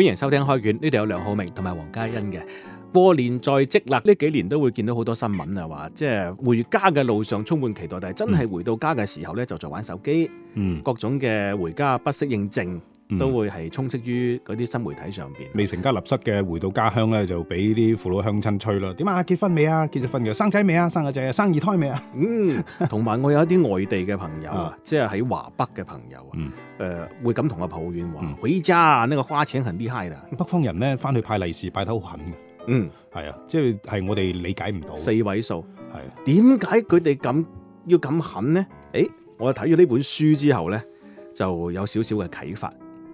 歡迎收聽開卷，呢度有梁浩明同埋黃嘉欣嘅。過年在即啦，呢幾年都會見到好多新聞啊，話即係回家嘅路上充滿期待，但係真係回到家嘅時候呢，嗯、就在玩手機，嗯，各種嘅回家不適應症。嗯、都會係充斥於嗰啲新媒體上邊。未成家立室嘅回到家鄉咧，就俾啲父老鄉親吹啦。點啊？結婚未啊？結咗婚㗎？生仔未啊？生個仔啊？生二胎未啊？嗯，同埋我有一啲外地嘅朋友，啊、即係喺華北嘅朋友啊，誒、嗯呃、會咁同我抱怨話，依家啊，呢、那個花錢很厲害啦。北方人咧，翻去派利是派得好狠。嗯，係啊，即係係我哋理解唔到四位數係點解佢哋咁要咁狠呢？誒、欸，我睇咗呢本書之後咧，就有少少嘅啟發。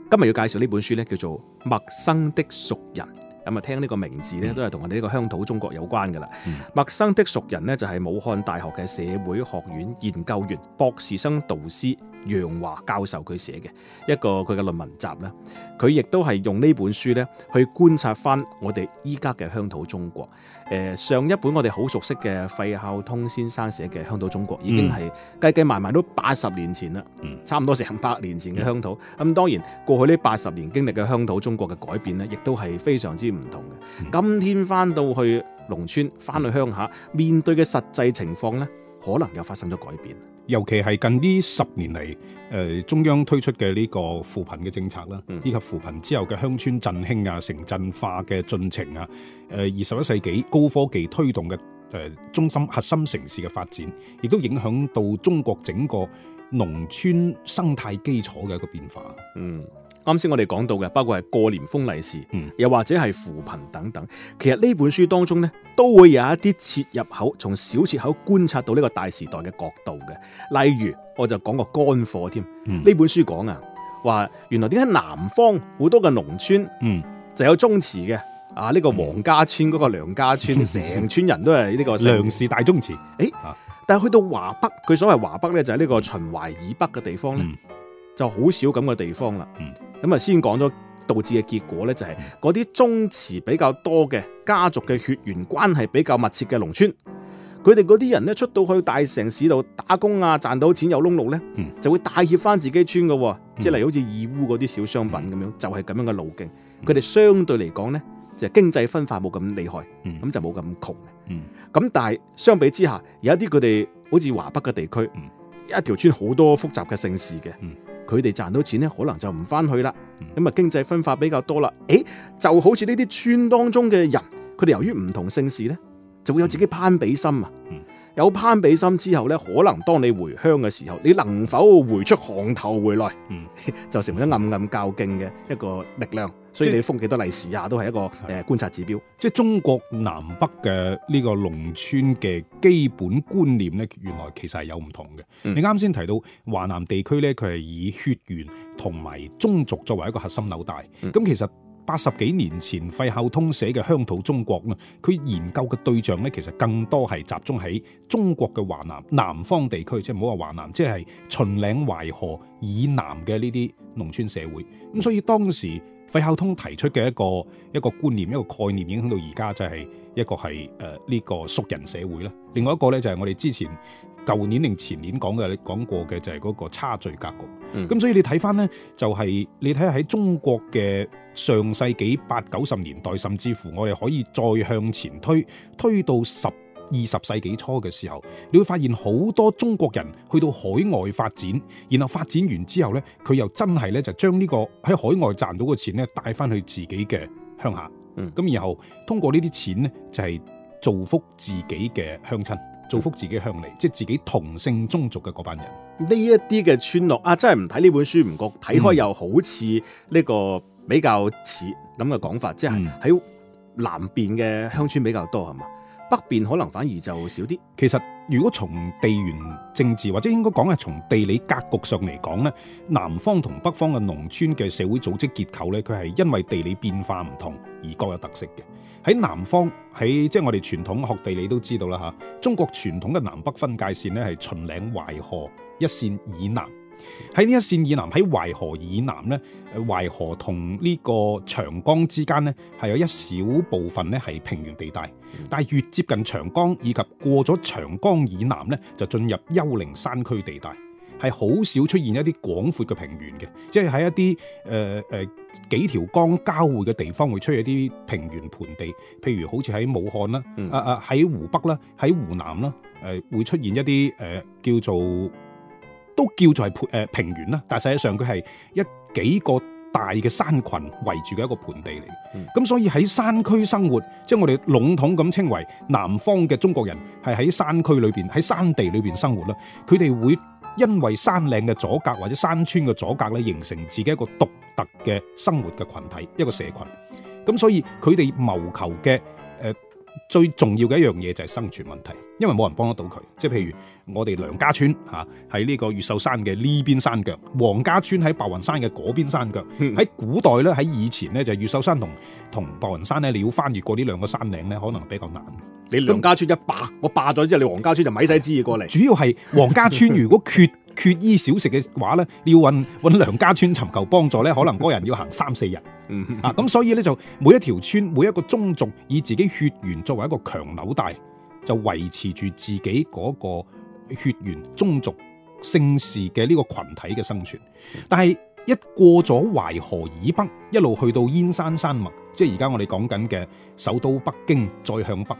今日要介紹呢本書呢，叫做《陌生的熟人》。咁啊，聽呢個名字呢，嗯、都係同我哋呢個鄉土中國有關噶啦。嗯《陌生的熟人》呢，就係武漢大學嘅社會學院研究員、博士生導師，楊華教授佢寫嘅一個佢嘅論文集咧，佢亦都係用呢本書咧去觀察翻我哋依家嘅鄉土中國。誒、呃，上一本我哋好熟悉嘅費孝通先生寫嘅《鄉土中國》已經係計計埋埋都八十年前啦，嗯、差唔多成百年前嘅鄉土。咁、嗯嗯、當然過去呢八十年經歷嘅鄉土中國嘅改變咧，亦都係非常之唔同嘅。嗯、今天翻到去農村，翻去鄉下，面對嘅實際情況咧，可能又發生咗改變，尤其係近呢十年嚟，誒、呃、中央推出嘅呢個扶貧嘅政策啦，嗯、以及扶貧之後嘅鄉村振興啊、城鎮化嘅進程啊，誒二十一世紀高科技推動嘅誒、呃、中心核心城市嘅發展，亦都影響到中國整個農村生態基礎嘅一個變化。嗯。啱先我哋講到嘅，包括係過年封利是，又或者係扶貧等等，其實呢本書當中咧，都會有一啲切入口，從小切入口觀察到呢個大時代嘅角度嘅。例如，我就講個乾貨添。呢、嗯、本書講啊，話原來點解南方好多嘅農村，嗯，就有宗祠嘅啊，呢、這個王家村嗰個梁家村，成、嗯、村人都係呢個 梁氏大宗祠。誒、欸，啊、但係去到華北，佢所謂華北咧，就係呢個秦淮以北嘅地方咧。嗯就好少咁嘅地方啦。咁啊，先講咗導致嘅結果咧，就係嗰啲宗祠比較多嘅家族嘅血緣關係比較密切嘅農村，佢哋嗰啲人咧出到去大城市度打工啊，賺到錢有窿路咧，嗯、就會帶挈返自己村嘅，嗯嗯即係嚟好似義烏嗰啲小商品咁樣，就係、是、咁樣嘅路徑。佢哋相對嚟講咧，就是、經濟分化冇咁厲害，咁、嗯、就冇咁窮。咁、嗯、但係相比之下，有一啲佢哋好似華北嘅地區，嗯嗯、一條村好多複雜嘅姓氏嘅。佢哋賺到錢咧，可能就唔翻去啦，咁啊、嗯、經濟分化比較多啦。誒，就好似呢啲村當中嘅人，佢哋由於唔同姓氏咧，就會有自己攀比心啊。嗯嗯有攀比心之後咧，可能當你回鄉嘅時候，你能否回出行頭回來，嗯、 就成為咗暗暗較勁嘅一個力量。嗯、所以你封幾多利是啊，都係一個誒、嗯、觀察指標。即係中國南北嘅呢個農村嘅基本觀念咧，原來其實係有唔同嘅。嗯、你啱先提到華南地區咧，佢係以血緣同埋宗族作為一個核心紐帶。咁其實八十幾年前，費孝通寫嘅《鄉土中國》啦，佢研究嘅對象呢，其實更多係集中喺中國嘅華南南方地區，即係唔好話華南，即係秦嶺淮河以南嘅呢啲農村社會。咁所以當時。費孝通提出嘅一個一個觀念，一個概念影響到而家就係、是、一個係誒呢個熟人社會啦，另外一個咧就係、是、我哋之前舊年定前年講嘅講過嘅就係嗰個差距格局，咁、嗯、所以你睇翻咧就係、是、你睇下喺中國嘅上世紀八九十年代，甚至乎我哋可以再向前推推到十。二十世紀初嘅時候，你會發現好多中國人去到海外發展，然後發展完之後呢佢又真係呢，就將呢個喺海外賺到嘅錢呢帶翻去自己嘅鄉下，咁、嗯、然後通過呢啲錢呢，就係造福自己嘅鄉親，造福自己鄉裏，嗯、即係自己同姓宗族嘅嗰班人。呢一啲嘅村落啊，真係唔睇呢本書唔覺睇開，又好似呢個比較似咁嘅講法，嗯、即係喺南邊嘅鄉村比較多係嘛？北邊可能反而就少啲。其實如果從地緣政治或者應該講係從地理格局上嚟講呢，南方同北方嘅農村嘅社會組織結構呢，佢係因為地理變化唔同而各有特色嘅。喺南方，喺即係我哋傳統學地理都知道啦吓，中國傳統嘅南北分界線呢係秦嶺淮河一線以南。喺呢一線以南，喺淮河以南呢，誒淮河同呢個長江之間呢，係有一小部分呢係平原地帶。但係越接近長江以及過咗長江以南呢，就進入丘陵山區地帶，係好少出現一啲廣闊嘅平原嘅。即係喺一啲誒誒幾條江交匯嘅地方會地、嗯呃呃，會出現一啲平原盆地，譬如好似喺武漢啦，啊啊喺湖北啦，喺湖南啦，誒會出現一啲誒叫做。都叫做係盤平原啦，但係實際上佢係一幾個大嘅山群圍住嘅一個盆地嚟。咁、嗯、所以喺山區生活，即係我哋籠統咁稱為南方嘅中國人係喺山區裏邊喺山地裏邊生活啦。佢哋會因為山嶺嘅阻隔或者山川嘅阻隔咧，形成自己一個獨特嘅生活嘅群體一個社群。咁所以佢哋謀求嘅最重要嘅一樣嘢就係生存問題，因為冇人幫得到佢。即係譬如我哋梁家村嚇喺呢個越秀山嘅呢邊山腳，王家村喺白雲山嘅嗰邊山腳。喺、嗯、古代咧，喺以前咧就係、是、越秀山同同白雲山咧，你要翻越過呢兩個山嶺咧，可能比較難。你梁家村一霸，我霸咗之後，你王家村就咪使資源過嚟。主要係王家村如果缺。 缺衣少食嘅話咧，你要揾揾梁家村尋求幫助咧，可能嗰人要行三四日 啊！咁所以呢，就每一條村、每一個宗族以自己血緣作為一個強紐帶，就維持住自己嗰個血緣宗族姓氏嘅呢個群體嘅生存。 但係一過咗淮河以北，一路去到燕山山脈，即係而家我哋講緊嘅首都北京，再向北，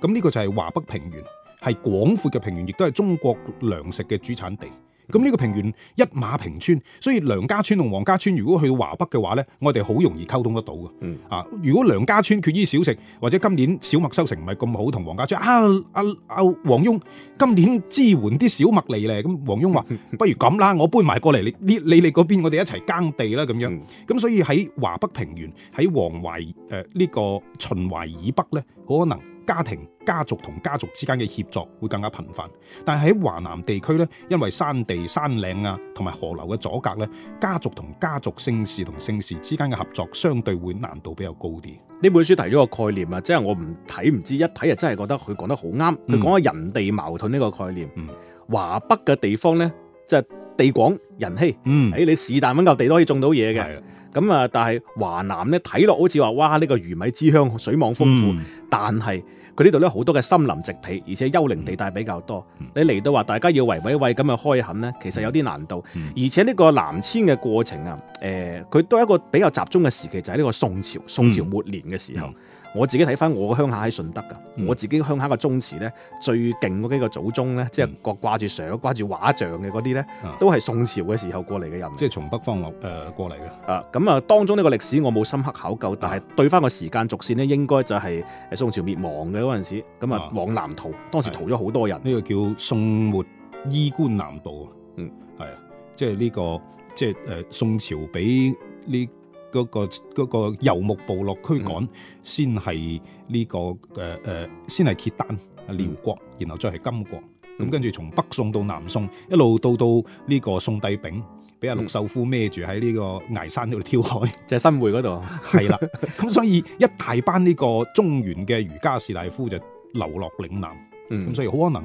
咁呢個就係華北平原，係廣闊嘅平原，亦都係中國糧食嘅主產地。咁呢個平原一馬平川，所以梁家村同王家村如果去到華北嘅話咧，我哋好容易溝通得到嘅。嗯、啊，如果梁家村缺衣少食，或者今年小麥收成唔係咁好，同王家村啊，啊啊王翁，今年支援啲小麥嚟咧，咁王翁話、嗯、不如咁啦，我搬埋過嚟你你你哋嗰邊，我哋一齊耕地啦咁樣。咁、嗯、所以喺華北平原喺黃淮誒呢個秦淮以北咧，好可能。家庭、家族同家族之間嘅協作會更加頻繁，但係喺華南地區咧，因為山地、山嶺啊同埋河流嘅阻隔咧，家族同家族姓氏同姓氏之間嘅合作相對會難度比較高啲。呢本書提咗個概念啊，即係我唔睇唔知，一睇啊真係覺得佢講得好啱。佢講下「人地矛盾」呢個概念。嗯。華北嘅地方咧，即係地廣人稀。嗯。誒，你是但揾嚿地都可以種到嘢嘅。咁啊，但係華南咧睇落好似話，哇！呢、這個魚米之鄉，水網豐富，嗯、但係佢呢度咧好多嘅森林植被，而且幽靈地帶比較多。嗯、你嚟到話大家要圍圍圍咁去開墾咧，其實有啲難度。嗯、而且呢個南遷嘅過程啊，誒、呃，佢都係一個比較集中嘅時期，就喺、是、呢個宋朝，宋朝末年嘅時候。嗯嗯我自己睇翻我鄉下喺順德噶，嗯、我自己鄉下個宗祠咧最勁嗰幾個祖宗咧，即係各掛住相、掛住畫像嘅嗰啲咧，都係宋朝嘅時候過嚟嘅人。即係從北方落誒、呃、過嚟嘅。啊，咁啊，當中呢個歷史我冇深刻考究，嗯、但係對翻個時間軸線咧，應該就係誒宋朝滅亡嘅嗰陣時，咁啊、嗯、往南逃，當時逃咗好多人。呢、啊呢個叫宋末衣冠南渡啊。嗯，係啊、嗯，即係呢個即係誒宋朝俾呢。嗯嗰、這個嗰遊牧部落驅趕、mm hmm. 這個呃，先係呢個誒誒，先係契丹、遼國，然後再係金國。咁跟住從北宋到南宋，一路到到呢個宋帝昺，俾阿陸秀夫孭住喺呢個崖山度跳海，就係新會嗰度。係啦， 咁所以一大班呢個中原嘅儒家士大夫就流落嶺南。咁、 嗯、所以好可能。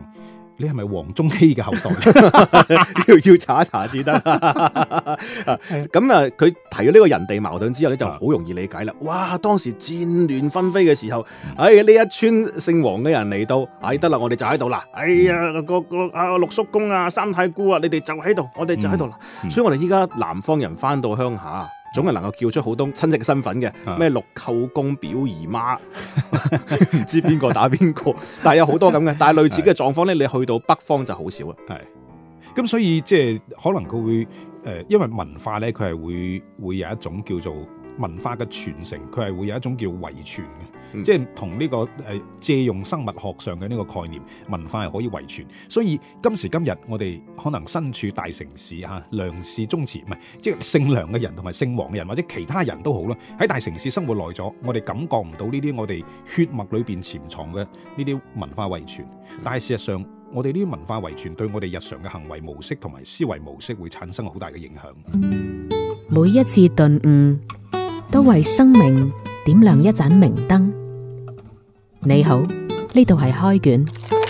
你係咪黃宗羲嘅後代？要 要查一查先得 咁啊，佢提咗呢個人地矛盾之後咧，就好容易理解啦。哇！當時戰亂紛飛嘅時候，哎，呢一村姓黃嘅人嚟到，哎，得啦，我哋就喺度啦。 哎呀，個個啊，六叔公啊，三太姑啊，你哋就喺度，我哋就喺度。 嗯，所以我哋依家南方人翻到鄉下。總係能夠叫出好多親戚嘅身份嘅，咩六舅公、表姨媽，唔 知邊個打邊個， 但係有好多咁嘅，但係類似嘅狀況咧，的你去到北方就好少啦。係，咁所以即係可能佢會誒、呃，因為文化咧，佢係會會有一種叫做。文化嘅傳承，佢係會有一種叫遺傳嘅，嗯、即係同呢、這個誒借用生物學上嘅呢個概念，文化係可以遺傳。所以今時今日，我哋可能身處大城市吓，梁氏宗祠唔係即係姓梁嘅人同埋姓王嘅人或者其他人都好啦。喺大城市生活耐咗，我哋感覺唔到呢啲我哋血脈裏邊潛藏嘅呢啲文化遺傳。但係事實上，我哋呢啲文化遺傳對我哋日常嘅行為模式同埋思維模式會產生好大嘅影響。每一次頓悟。都為生命點亮一盞明燈。你好，呢度係開卷。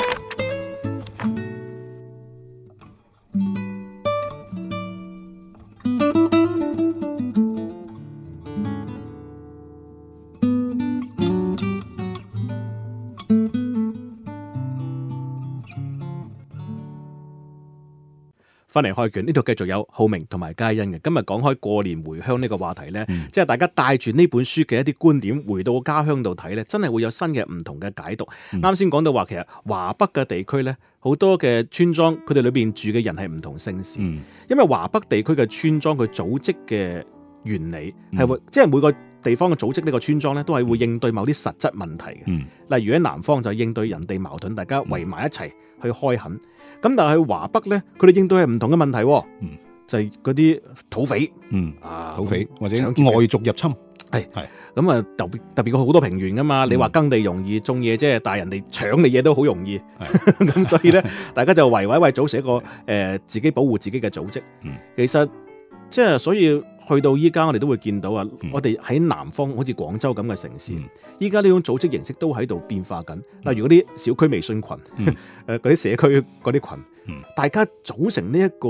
返嚟開卷，呢度繼續有浩明同埋佳欣嘅。今日講開過年回鄉呢個話題呢、嗯、即係大家帶住呢本書嘅一啲觀點，回到家鄉度睇呢真係會有新嘅唔同嘅解讀。啱先講到話，其實華北嘅地區呢，好多嘅村莊，佢哋裏邊住嘅人係唔同姓氏，嗯、因為華北地區嘅村莊佢組織嘅原理係會，嗯、即係每個地方嘅組織呢個村莊呢都係會應對某啲實質問題嘅。嗯、例如喺南方就應對人地矛盾，大家圍埋一齊去開墾。咁但係華北咧，佢哋應對係唔同嘅問題，嗯，就係嗰啲土匪，嗯啊土匪或者外族入侵，係係，咁啊特別特別過好多平原噶嘛，嗯、你話耕地容易種嘢即係，但係人哋搶你嘢都好容易，咁是 所以咧，大家就維維維組成一個誒是、呃、自己保護自己嘅組織，嗯，其實。即係所以去到依家，我哋都會見到啊！我哋喺南方，嗯、好似廣州咁嘅城市，依家呢種組織形式都喺度變化緊，嗱、嗯，如果啲小區微信群誒啲、嗯、 社區啲群，嗯、大家組成呢一個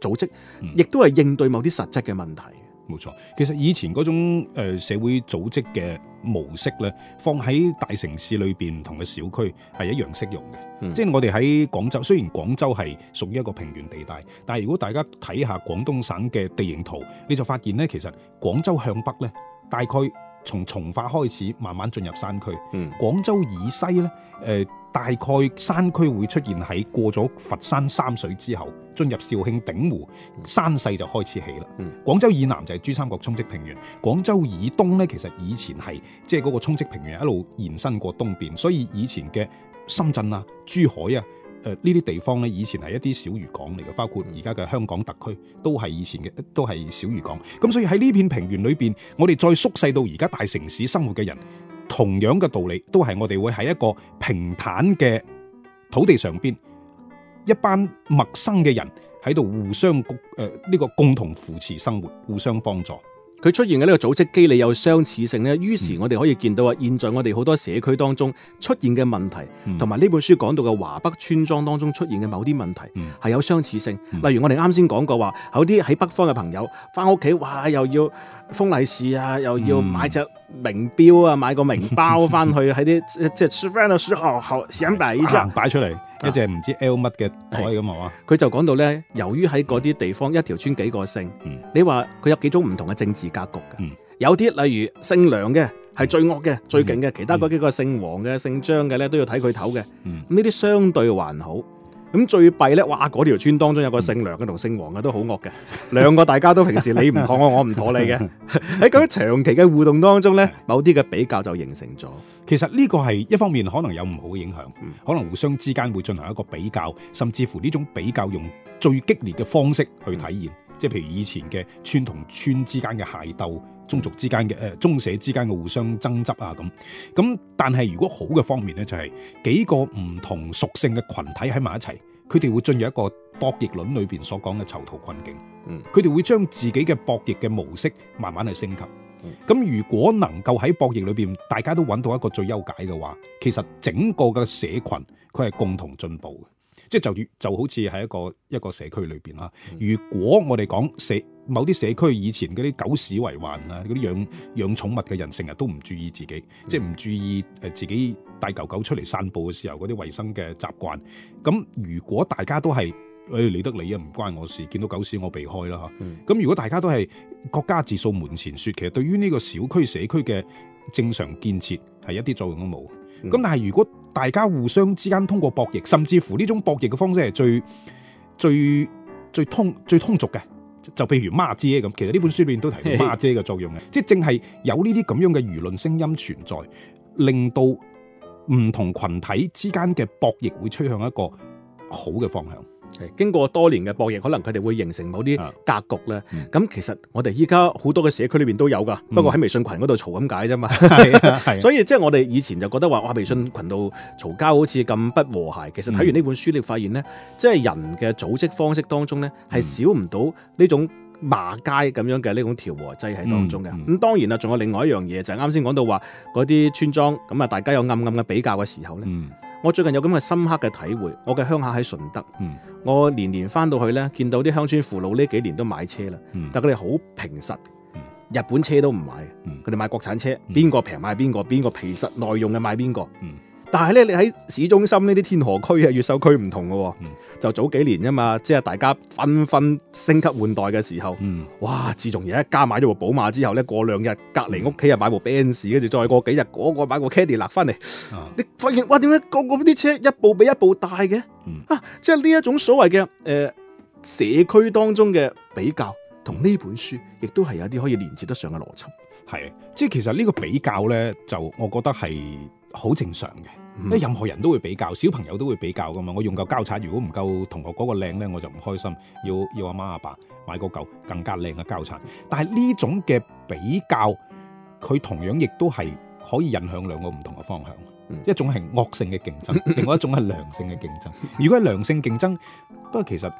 組織，嗯、亦都係應對某啲實質嘅問題。冇錯，其實以前嗰種、呃、社會組織嘅模式咧，放喺大城市裏邊唔同嘅小區係一樣適用嘅。嗯、即係我哋喺廣州，雖然廣州係屬於一個平原地帶，但係如果大家睇下廣東省嘅地形圖，你就發現咧，其實廣州向北咧，大概從從化開始慢慢進入山區。嗯、廣州以西咧，誒、呃、大概山區會出現喺過咗佛山三水之後。進入肇慶鼎湖山勢就開始起啦。廣州以南就係珠三角沖積平原，廣州以東呢，其實以前係即係嗰個沖積平原一路延伸過東邊，所以以前嘅深圳啊、珠海啊、誒呢啲地方呢，以前係一啲小漁港嚟嘅，包括而家嘅香港特區都係以前嘅，都係小漁港。咁所以喺呢片平原裏邊，我哋再縮細到而家大城市生活嘅人，同樣嘅道理都係我哋會喺一個平坦嘅土地上邊。一班陌生嘅人喺度互相共呢、呃這個共同扶持生活，互相幫助。佢出現嘅呢個組織機理有相似性咧。於是，我哋可以見到啊，現在我哋好多社區當中出現嘅問題，同埋呢本書講到嘅華北村莊當中出現嘅某啲問題，係有相似性。例如我哋啱先講過話，有啲喺北方嘅朋友翻屋企，哇又要封利是啊，又要買隻名表啊，買個名包翻去喺啲即係食飯嘅時候好想擺一張擺出嚟。一隻唔知 L 乜嘅台咁啊！佢的吧就講到咧，由於喺嗰啲地方、嗯、一條村幾個姓，嗯、你話佢有幾種唔同嘅政治格局嘅。嗯、有啲例如姓梁嘅係最惡嘅最勁嘅，嗯、其他嗰幾個姓黃嘅、嗯、姓張嘅咧都要睇佢頭嘅。呢啲、嗯嗯、相對還好。咁最弊呢，哇！嗰條村當中有個姓梁嘅同姓王嘅都好惡嘅，兩個大家都平時你唔妥我，我唔妥你嘅喺咁長期嘅互動當中呢，某啲嘅比較就形成咗。其實呢個係一方面可能有唔好嘅影響，嗯、可能互相之間會進行一個比較，甚至乎呢種比較用最激烈嘅方式去體現，即係譬如以前嘅村同村之間嘅械鬥。宗族之間嘅，誒，宗社之間嘅互相爭執啊，咁咁，但係如果好嘅方面呢，就係幾個唔同屬性嘅群體喺埋一齊，佢哋會進入一個博弈論裏邊所講嘅囚徒困境。嗯，佢哋會將自己嘅博弈嘅模式慢慢去升級。咁、嗯、如果能夠喺博弈裏邊，大家都揾到一個最優解嘅話，其實整個嘅社群佢係共同進步嘅。即係就越就好似喺一個一個社區裏邊啦。如果我哋講社某啲社區以前嗰啲狗屎為患啊，嗰啲養養寵物嘅人成日都唔注意自己，即係唔注意誒自己帶狗狗出嚟散步嘅時候嗰啲衞生嘅習慣。咁如果大家都係誒、哎、理得你啊，唔關我事，見到狗屎我避開啦嚇。咁、嗯、如果大家都係國家自掃門前雪，其實對於呢個小區社區嘅正常建設係一啲作用都冇。咁、嗯、但係如果大家互相之間通過博弈，甚至乎呢種博弈嘅方式係最最最通最通俗嘅。就譬如媽姐咁，其實呢本書裏面都提到媽姐嘅作用嘅，嘿嘿即係正係有呢啲咁樣嘅輿論聲音存在，令到唔同群體之間嘅博弈會趨向一個好嘅方向。經過多年嘅博弈，可能佢哋會形成某啲格局咧。咁、嗯、其實我哋依家好多嘅社區裏邊都有噶，嗯、不過喺微信群嗰度嘈咁解啫嘛。嗯、 所以即係我哋以前就覺得話哇微信群度嘈交好似咁不和諧，其實睇完呢本書你發現呢，嗯、即係人嘅組織方式當中呢，係、嗯、少唔到呢種罵街咁樣嘅呢種調和劑喺當中嘅。咁、嗯嗯、當然啦，仲有另外一樣嘢就係啱先講到話嗰啲村莊咁啊，大家有暗暗嘅比較嘅時候呢。嗯我最近有咁嘅深刻嘅體會，我嘅鄉下喺順德，嗯、我年年翻到去咧，見到啲鄉村父老呢幾年都買車啦，嗯、但佢哋好平實，嗯、日本車都唔買，佢哋、嗯、買國產車，邊個平買邊個，邊個皮實耐用嘅買邊個。但係咧，你喺市中心呢啲天河區啊，越秀區唔同嘅，哦，嗯、就早幾年啫嘛，即、就、係、是、大家紛紛升級換代嘅時候，嗯、哇！自從有一家買咗部寶馬之後咧，過兩日隔離屋企又買部 Benz，跟住再過幾日嗰個買個 Caddy 攔返嚟，嗯、你發現哇，點解個個啲車一部比一部大嘅？嗯、啊，即係呢一種所謂嘅誒、呃、社區當中嘅比較，同呢本書亦都係有啲可以連接得上嘅邏輯。係，即係其實呢個比較咧，就我覺得係。好正常嘅，因為任何人都會比較，小朋友都會比較噶嘛。我用嚿膠擦，如果唔夠同學嗰個靚呢，我就唔開心，要要阿媽阿爸買個嚿更加靚嘅膠擦。但係呢種嘅比較，佢同樣亦都係可以引向兩個唔同嘅方向。一種係惡性嘅競爭，另外一種係良性嘅競爭。 如果係良性競爭，不過其實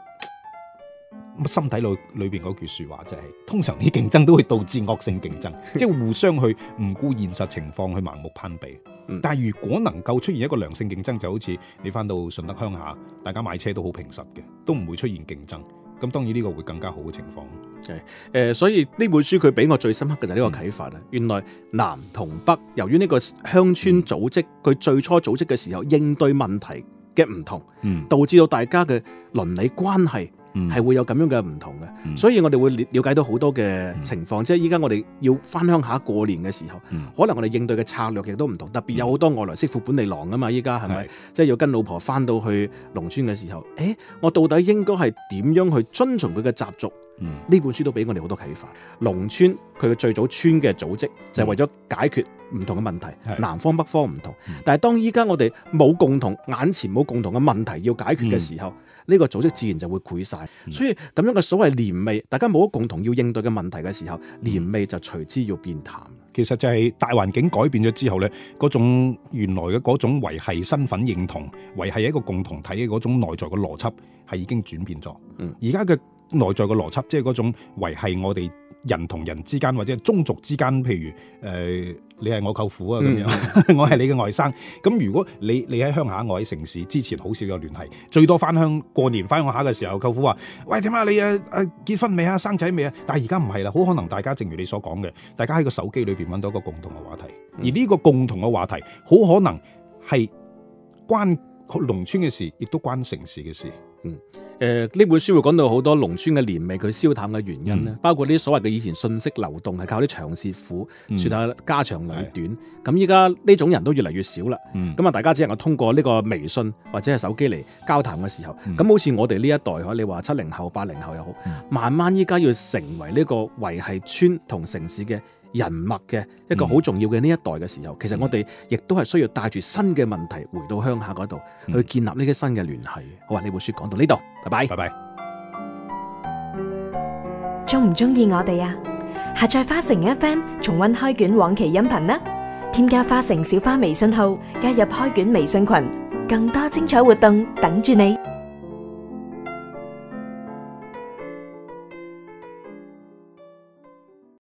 心底裡裏邊嗰句説話就係：通常啲競爭都會導致惡性競爭，即係互相去唔顧現實情況去盲目攀比。嗯、但係如果能夠出現一個良性競爭，就好似你翻到順德鄉下，大家買車都好平實嘅，都唔會出現競爭。咁當然呢個會更加好嘅情況。誒、嗯呃，所以呢本書佢俾我最深刻嘅就係呢個啟發啦。嗯、原來南同北由於呢個鄉村組織，佢、嗯、最初組織嘅時候應對問題嘅唔同，嗯、導致到大家嘅倫理關係。係、嗯、會有咁樣嘅唔同嘅，嗯、所以我哋會了解到好多嘅情況。嗯、即係依家我哋要翻鄉下過年嘅時候，嗯、可能我哋應對嘅策略亦都唔同。特別有好多外來媳婦本地郎啊嘛，依家係咪？是是是即係要跟老婆翻到去農村嘅時候，誒、欸，我到底應該係點樣去遵從佢嘅習俗？呢本書都俾我哋好多啟發。農村佢嘅最早村嘅組織，就係為咗解決唔同嘅問題。南方北方唔同，但係當依家我哋冇共同眼前冇共同嘅問題要解決嘅時候，呢個組織自然就會潰晒。所以咁樣嘅所謂年味，大家冇共同要應對嘅問題嘅時候，年味就隨之要變淡。其實就係大環境改變咗之後呢嗰種原來嘅嗰種維繫身份認同、維繫一個共同體嘅嗰種內在嘅邏輯，係已經轉變咗。而家嘅。內在嘅邏輯，即係嗰種維繫我哋人同人之間，或者宗族之間，譬如誒、呃，你係我舅父啊，咁樣，嗯、 我係你嘅外甥。咁、嗯、如果你你喺鄉下，我喺城市，之前好少有聯繫，最多翻鄉過年翻鄉下嘅時候，舅父話：喂，點啊？你誒、啊、誒結婚未啊？生仔未啊？但係而家唔係啦，好可能大家正如你所講嘅，大家喺個手機裏邊揾到一個共同嘅話題，嗯、而呢個共同嘅話題，好可能係關農村嘅事，亦都關城市嘅事。事嗯。誒，呢、呃、本書會講到好多農村嘅年味，佢消淡嘅原因咧，嗯、包括啲所謂嘅以前信息流動係靠啲長舌婦説、嗯、下家長裏短，咁依家呢種人都越嚟越少啦。咁啊、嗯，大家只能夠通過呢個微信或者係手機嚟交談嘅時候，咁、嗯、好似我哋呢一代可你話七零後八零後又好，嗯、慢慢依家要成為呢個維繫村同城市嘅。人脈嘅一個好重要嘅呢一代嘅時候，嗯、其實我哋亦都係需要帶住新嘅問題回到鄉下嗰度、嗯、去建立呢啲新嘅聯繫。嗯、好啊，呢本書講到呢度，拜拜，拜拜。中唔中意我哋啊？下載花城 FM 重溫開卷往期音頻呢，添加花城小花微信號，加入開卷微信群，更多精彩活動等住你。